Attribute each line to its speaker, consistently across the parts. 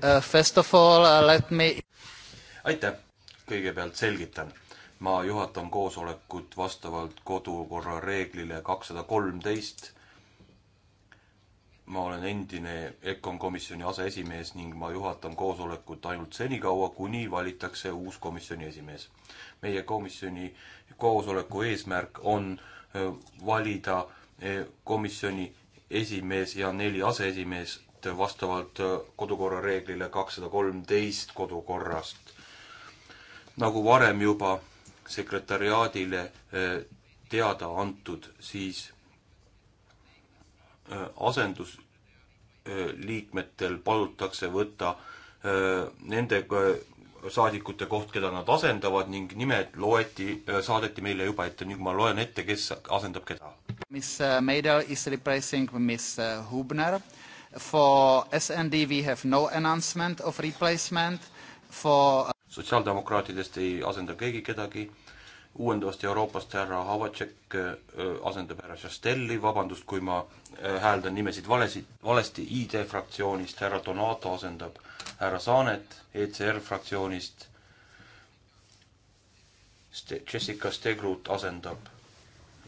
Speaker 1: Uh, first of all, uh, let me aitäh! kõigepealt selgitan. ma juhatan koosolekut vastavalt kodukorra reeglile kakssada kolmteist. ma olen endine EKOM komisjoni aseesimees ning ma juhatan koosolekut ainult senikaua, kuni valitakse uus komisjoni esimees. meie komisjoni koosoleku eesmärk on äh, valida äh, komisjoni esimees ja neli aseesimees et vastavalt kodukorra reeglile kakssada kolmteist kodukorrast, nagu varem juba sekretariaadile eh, teada antud, siis eh, asendusliikmetel eh, palutakse võtta nende saadikute koht, keda nad asendavad ning nimed loeti, saadeti meile juba ette, nüüd ma loen ette, kes asendab keda. mis Meider is replacing Miss Hubner For SND we have no announcement of replacement, for uh, sotsiaaldemokraatidest ei asenda keegi kedagi, uuendavast Euroopast härra Havatšek äh, asendab härra Šastelli, vabandust, kui ma äh, hääldan nimesid valesid, valesti, ID fraktsioonist härra Donato asendab härra Saanet, ECR fraktsioonist Ste-, Jessica Stegrut asendab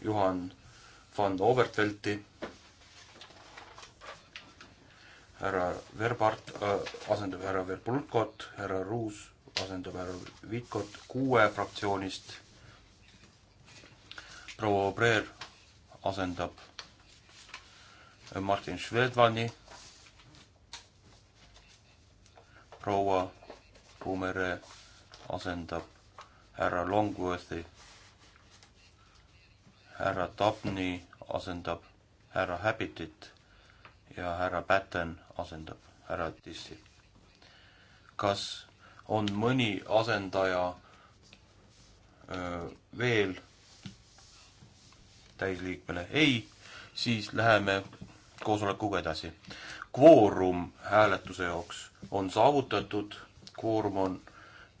Speaker 1: Juhan van Overvelti, härra Verbart äh, asendab härra Verbulkot, härra Ruus asendab härra Vitkot kuue fraktsioonist, proua Obreer asendab Martin Švedvani, proua Puumere asendab härra Longworthi, härra Tabni asendab härra Habitit ja härra Patten asendab härra Tissi. kas on mõni asendaja öö, veel täisliikmele? ei, siis läheme koosolekuga edasi. kvoorum hääletuse jaoks on saavutatud, kvoorum on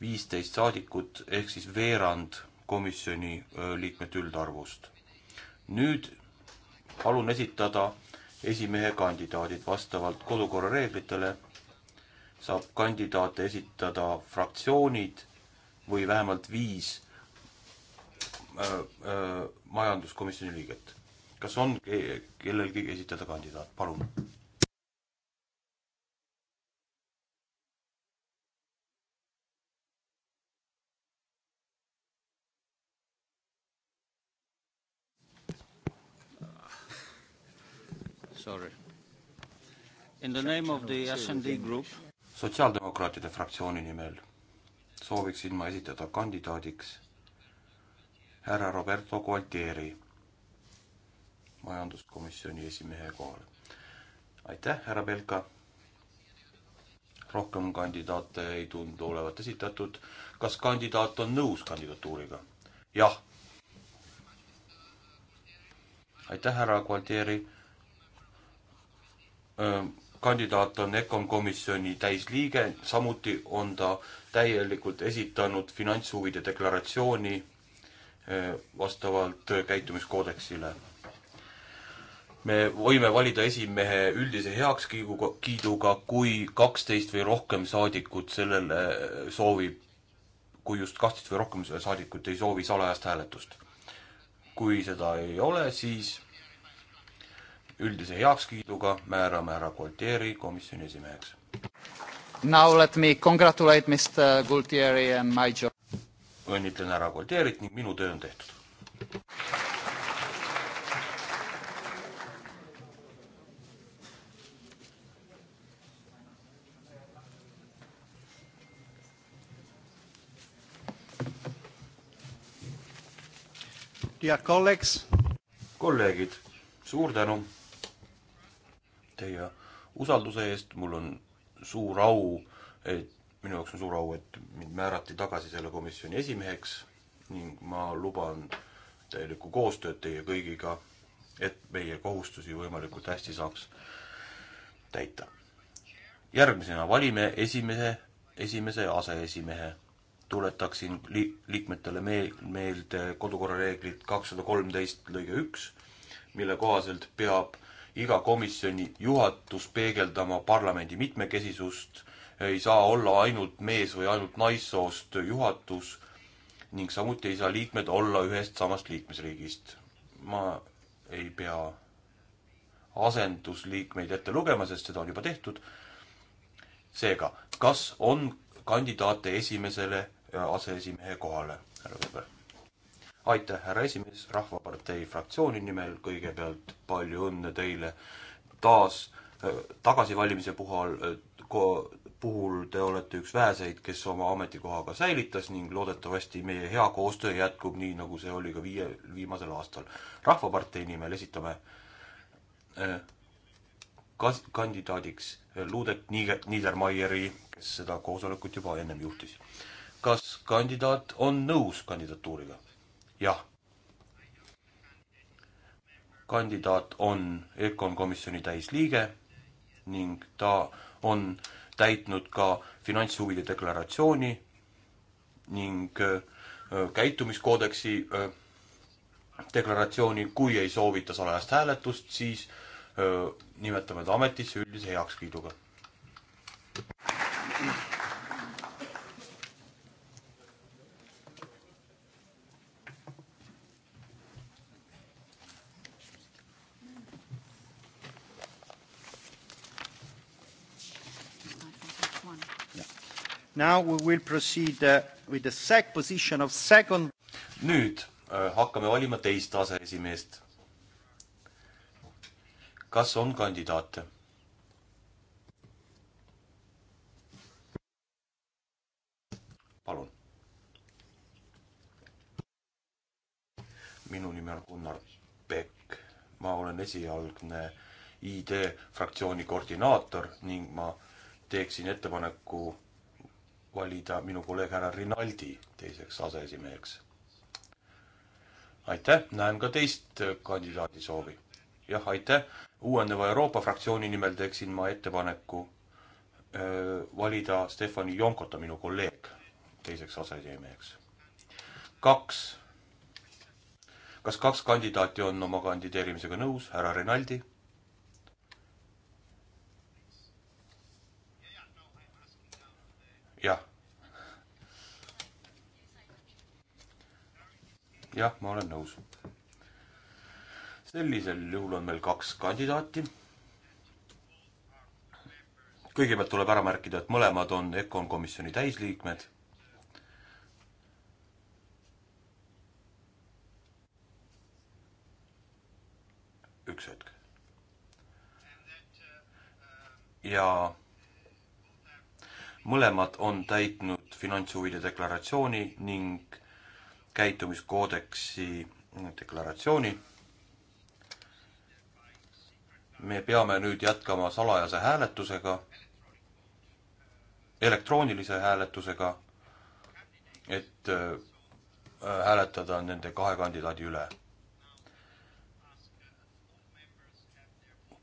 Speaker 1: viisteist saadikut ehk siis veerand komisjoni liikmete üldarvust. nüüd palun esitada esimehe kandidaadid. vastavalt kodukorra reeglitele saab kandidaate esitada fraktsioonid või vähemalt viis äh, äh, majanduskomisjoni liiget. kas on ke kellelgi esitada kandidaat, palun? sorry. In the name of the SND group. sotsiaaldemokraatide fraktsiooni nimel sooviksin ma esitada kandidaadiks härra Roberto Gualtieri majanduskomisjoni esimehe kohale. aitäh, härra Belka. rohkem kandidaate ei tundu olevat esitatud. kas kandidaat on nõus kandidatuuriga? jah. aitäh, härra Gualtieri kandidaat on EKOM komisjoni täisliige, samuti on ta täielikult esitanud finantshuvide deklaratsiooni vastavalt käitumiskoodeksile. me võime valida esimehe üldise heakskiiduga, kui kaksteist või rohkem saadikut sellele soovib, kui just kaksteist või rohkem saadikut ei soovi salajast hääletust. kui seda ei ole, siis üldise heakskiiduga määrame härra Gualtieri komisjoni esimeheks. Now let me congratulate Mr Gualtieri and my job. õnnitlen härra Gualtierit ning minu töö on tehtud. Dear colleagues. kolleegid, suur tänu teie usalduse eest, mul on suur au, et minu jaoks on suur au, et mind määrati tagasi selle komisjoni esimeheks ning ma luban täielikku koostööd teie kõigiga, et meie kohustusi võimalikult hästi saaks täita. järgmisena valime esimehe, esimese aseesimehe. tuletaksin li-, liikmetele meel-, meelde kodukorrareeglit kakssada kolmteist lõige üks, mille kohaselt peab äh, iga komisjoni juhatus peegeldama parlamendi mitmekesisust, ei saa olla ainult mees- või ainult naissoost juhatus ning samuti ei saa liikmed olla ühest samast liikmesriigist. ma ei pea asendusliikmeid ette lugema, sest seda on juba tehtud. seega, kas on kandidaate esimesele äh, aseesimehe kohale, härra Weber? aitäh, härra esimees, Rahvapartei fraktsiooni nimel kõigepealt palju õnne teile taas äh, tagasivalimise puhul, äh, puhul te olete üks väheseid, kes oma ametikohaga säilitas ning loodetavasti meie hea koostöö jätkub nii, nagu see oli ka viie, viimasel aastal. rahvapartei nimel esitame äh, kas-, kandidaadiks Luudek Niiger-, Niedermayeri, kes seda koosolekut juba ennem juhtis. kas kandidaat on nõus kandidatuuriga? jah. kandidaat on EKOM komisjoni täisliige ning ta on täitnud ka finantshuvide deklaratsiooni ning äh, käitumiskoodeksi äh, deklaratsiooni, kui ei soovita salajast hääletust, siis äh, nimetame ta ametisse üldise heakskiiduga. Now we will proceed uh, with the sec position of second. nüüd äh, hakkame valima teist aseesimeest. kas on kandidaate? palun. minu nimi on Gunnar Pekk, ma olen esialgne ID fraktsiooni koordinaator ning ma teeksin ettepaneku valida minu kolleeg härra Rinaldi teiseks aseesimeheks. aitäh, näen ka teist äh, kandidaadi soovi. jah, aitäh, uueneva Euroopa fraktsiooni nimel teeksin ma ettepaneku öö, äh, valida Stefani Jonkota, minu kolleeg, teiseks aseesimeheks. kaks. kas kaks kandidaati on oma kandideerimisega nõus, härra Rinaldi? jah, ma olen nõus. sellisel juhul on meil kaks kandidaati. kõigepealt tuleb ära märkida, et mõlemad on EKOn komisjoni täisliikmed üks hetk. ja mõlemad on täitnud finantshuvide deklaratsiooni ning käitumiskoodeksi deklaratsiooni. me peame nüüd jätkama salajase hääletusega, elektroonilise hääletusega, et äh, hääletada nende kahe kandidaadi üle.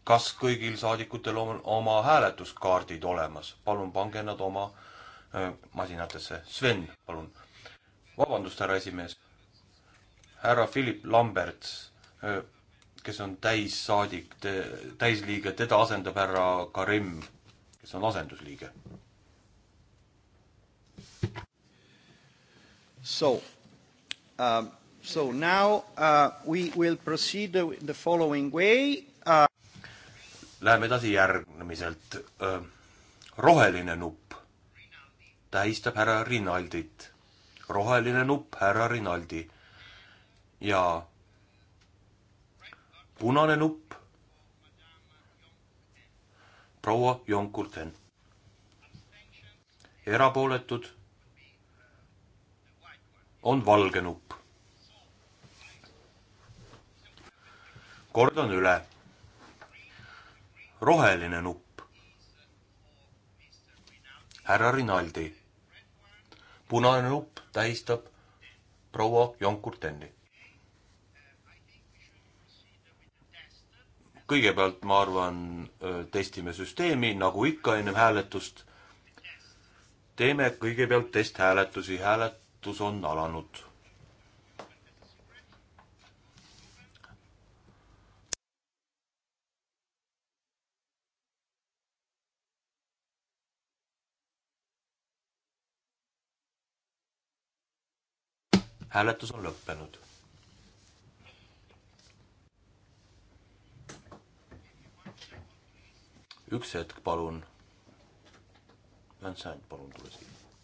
Speaker 1: kas kõigil saadikutel on oma hääletuskaardid olemas? palun pange nad oma äh, masinatesse. Sven, palun vabandust, härra esimees, härra Philip Lamberts, kes on täissaadik, täisliige, teda asendab härra Karim, kes on asendusliige. So um, So now uh, we will proceed the following way uh.... Läheme edasi järgmiselt. roheline nupp tähistab härra Rinaldit roheline nupp härra Rinaldi ja punane nupp proua Jonkurten. erapooletud on valge nupp. kordan üle. roheline nupp. härra Rinaldi punane nupp tähistab proua Jonkurtenni. kõigepealt, ma arvan, äh, testime süsteemi nagu ikka ennem hääletust. teeme kõigepealt testhääletusi, hääletus on alanud hääletus on lõppenud. üks hetk, palun. Mäntsa, palun tule siia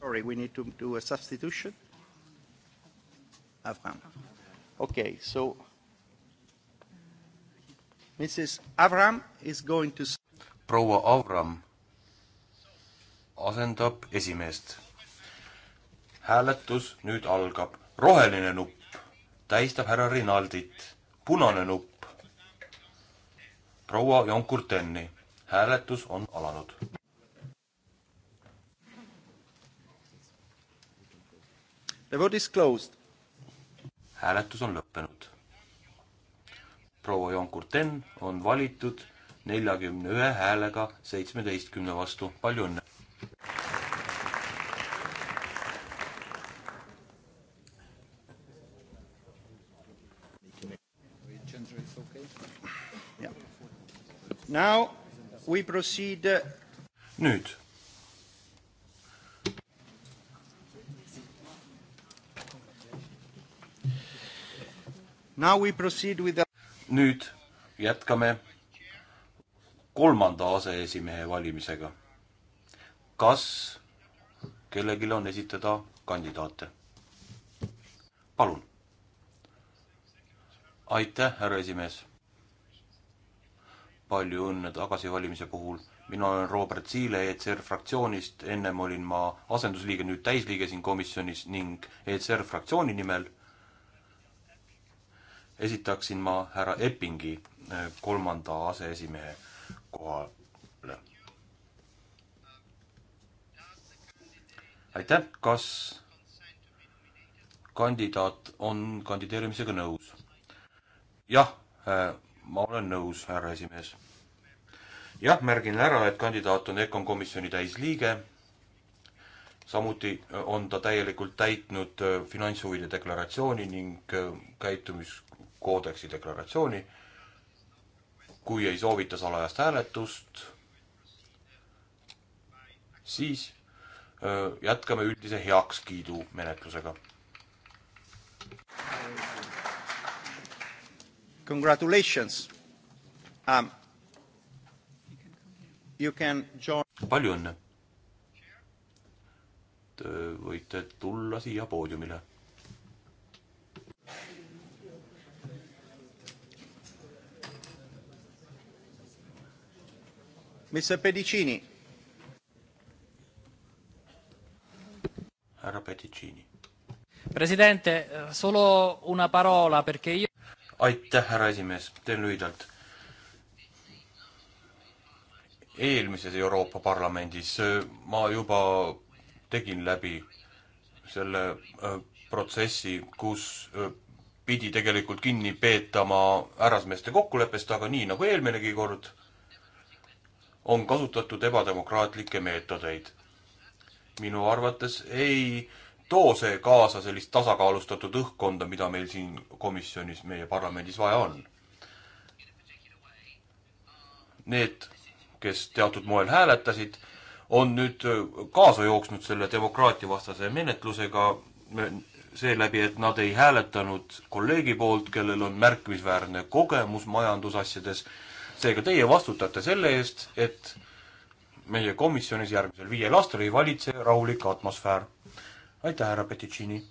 Speaker 1: Sorry, we need to do a substitution. Avram. Okay, so Mrs. Avram is going to proua Avram asendab esimeest. hääletus nüüd algab. roheline nupp tähistab härra Rinaldit, punane nupp proua Jonkurtenni. hääletus on alanud. The vote is closed. hääletus on lõppenud. proua Jonkurten on valitud neljakümne ühe häälega seitsmeteistkümne vastu, palju õnne! Now we proceed uh, nüüd The... nüüd jätkame kolmanda aseesimehe valimisega. kas kellelgi on esitada kandidaate? palun. aitäh, härra esimees. palju õnne tagasivalimise puhul. mina olen Robert Siile ECR fraktsioonist, ennem olin ma asendusliige, nüüd täisliige siin komisjonis ning ECR fraktsiooni nimel esitaksin ma härra Eppingi äh, kolmanda aseesimehe kohale. aitäh, kas kandidaat on kandideerimisega nõus? jah, äh, ma olen nõus, härra esimees. jah, märgin ära, et kandidaat on EKOM komisjoni täisliige. samuti on ta täielikult täitnud äh, finantshuvide deklaratsiooni ning käitumis koodeksi deklaratsiooni, kui ei soovita salajast hääletust, siis jätkame üldise heakskiidu menetlusega. Congratulations um,. You can join. palju õnne. Te võite tulla siia poodiumile Mr Pedicini. härra Pedicini. presidente, solo una parola perché io. aitäh, härra esimees, teen lühidalt. eelmises Euroopa Parlamendis äh, ma juba tegin läbi selle äh, protsessi, kus äh, pidi tegelikult kinni peetama härrasmeeste kokkuleppest, aga nii nagu eelminegi kord, on kasutatud ebademokraatlikke meetodeid. minu arvates ei too see kaasa sellist tasakaalustatud õhkkonda, mida meil siin komisjonis, meie parlamendis vaja on. Need, kes teatud moel hääletasid, on nüüd kaasa jooksnud selle demokraatiavastase menetlusega seeläbi, et nad ei hääletanud kolleegi poolt, kellel on märkimisväärne kogemus majandusasjades seega teie vastutate selle eest, et meie komisjonis järgmisel viiel aastal ei valitse rahulik atmosfäär. aitäh, härra Petitšiini.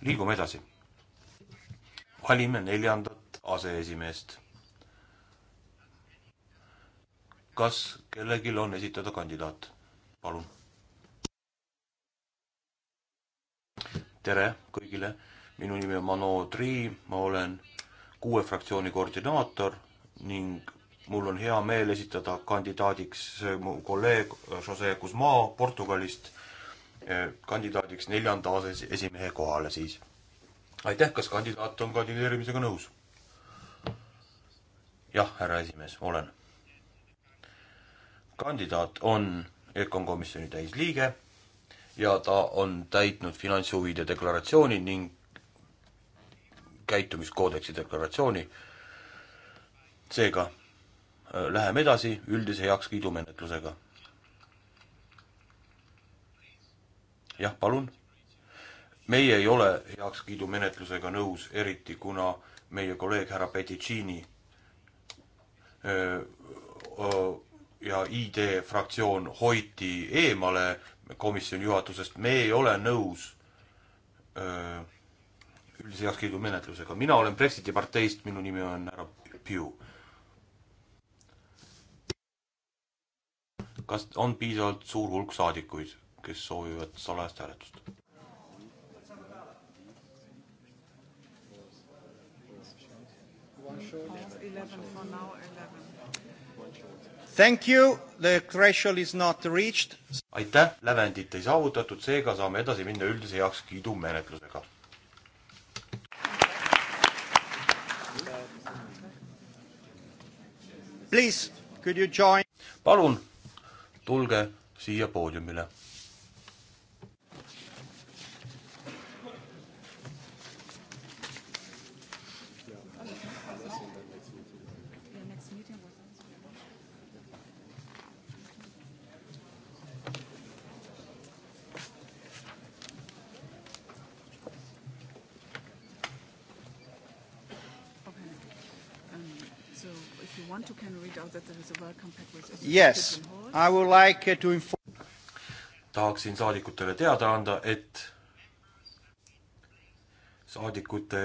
Speaker 1: liigume edasi. valime neljandat aseesimeest. kas kellelgi on esitada kandidaat? palun. tere kõigile, minu nimi on Mano Tri, ma olen kuue fraktsiooni koordinaator ning mul on hea meel esitada kandidaadiks mu kolleeg Jose Guzmao Portugalist, eh, kandidaadiks neljanda aseesimehe kohale siis. aitäh, kas kandidaat on kandideerimisega nõus? jah, härra esimees, olen. kandidaat on EKOn komisjoni täisliige ja ta on täitnud finantshuvide deklaratsiooni ning käitumiskoodeksi deklaratsiooni. seega äh, läheme edasi üldise heakskiidumenetlusega. jah, palun. meie ei ole heakskiidumenetlusega nõus, eriti kuna meie kolleeg härra Petticini äh, äh, ja ID fraktsioon hoiti eemale komisjoni juhatusest, me ei ole nõus öö, üldise heakskiidu menetlusega. mina olen Brexiti parteist, minu nimi on härra Pew. kas on piisavalt suur hulk saadikuid, kes soovivad salajast hääletust? Thank you, the threshold is not reached. aitäh, lävendit ei saavutatud, seega saame edasi minna üldise heakskiidu menetlusega Please, could you join? palun tulge siia poodiumile want, you can read out that there is a welcome package. Yes, I would like uh, to inform. tahaksin saadikutele teada anda, et saadikute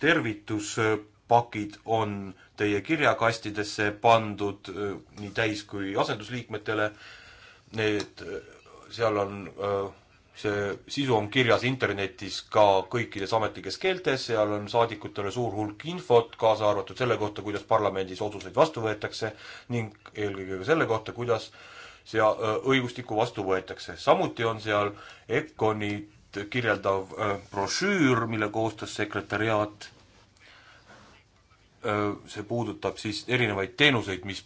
Speaker 1: tervituspakid on teie kirjakastidesse pandud äh, nii täis- kui asendusliikmetele. Need, äh, seal on öö, äh, see sisu on kirjas internetis ka kõikides ametlikes keeltes, seal on saadikutele suur hulk infot, kaasa arvatud selle kohta, kuidas parlamendis otsuseid vastu võetakse ning eelkõige ka selle kohta, kuidas sea-, õigustikku vastu võetakse. samuti on seal EKONit kirjeldav brošüür, mille koostas sekretäriaat, see puudutab siis erinevaid teenuseid, mis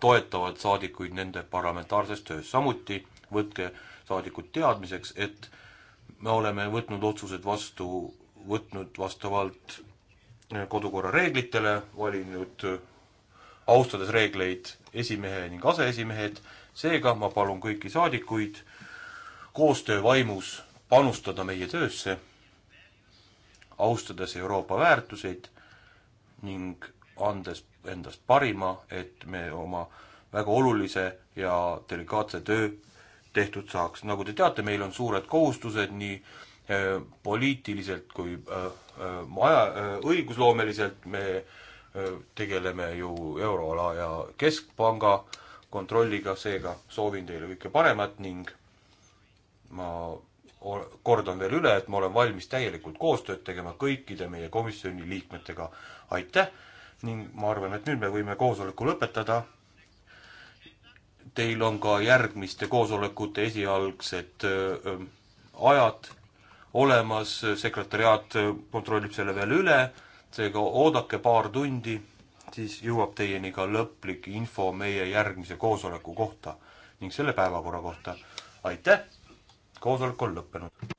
Speaker 1: toetavad saadikuid nende parlamentaarses töös, samuti võtke saadikud teadmiseks, et me oleme võtnud otsused vastu, võtnud vastavalt eh, kodukorra reeglitele, valinud eh, austades reegleid esimehe ning aseesimehed, seega ma palun kõiki saadikuid koostöö vaimus panustada meie töösse, austades Euroopa väärtuseid ning andes endast parima, et me oma väga olulise ja delikaatse töö tehtud saaks. nagu te teate, meil on suured kohustused nii äh, poliitiliselt kui äh, äh maja äh,, õigusloomeliselt, me äh, tegeleme ju euroala ja keskpanga kontrolliga, seega soovin teile kõike paremat ning ma kordan veel üle, et ma olen valmis täielikult koostööd tegema kõikide meie komisjoni liikmetega. aitäh ning ma arvan, et nüüd me võime koosoleku lõpetada Teil on ka järgmiste koosolekute esialgsed ajad olemas, sekretäriaat kontrollib selle veel üle, seega oodake paar tundi, siis jõuab teieni ka lõplik info meie järgmise koosoleku kohta ning selle päevakorra kohta. aitäh, koosolek on lõppenud.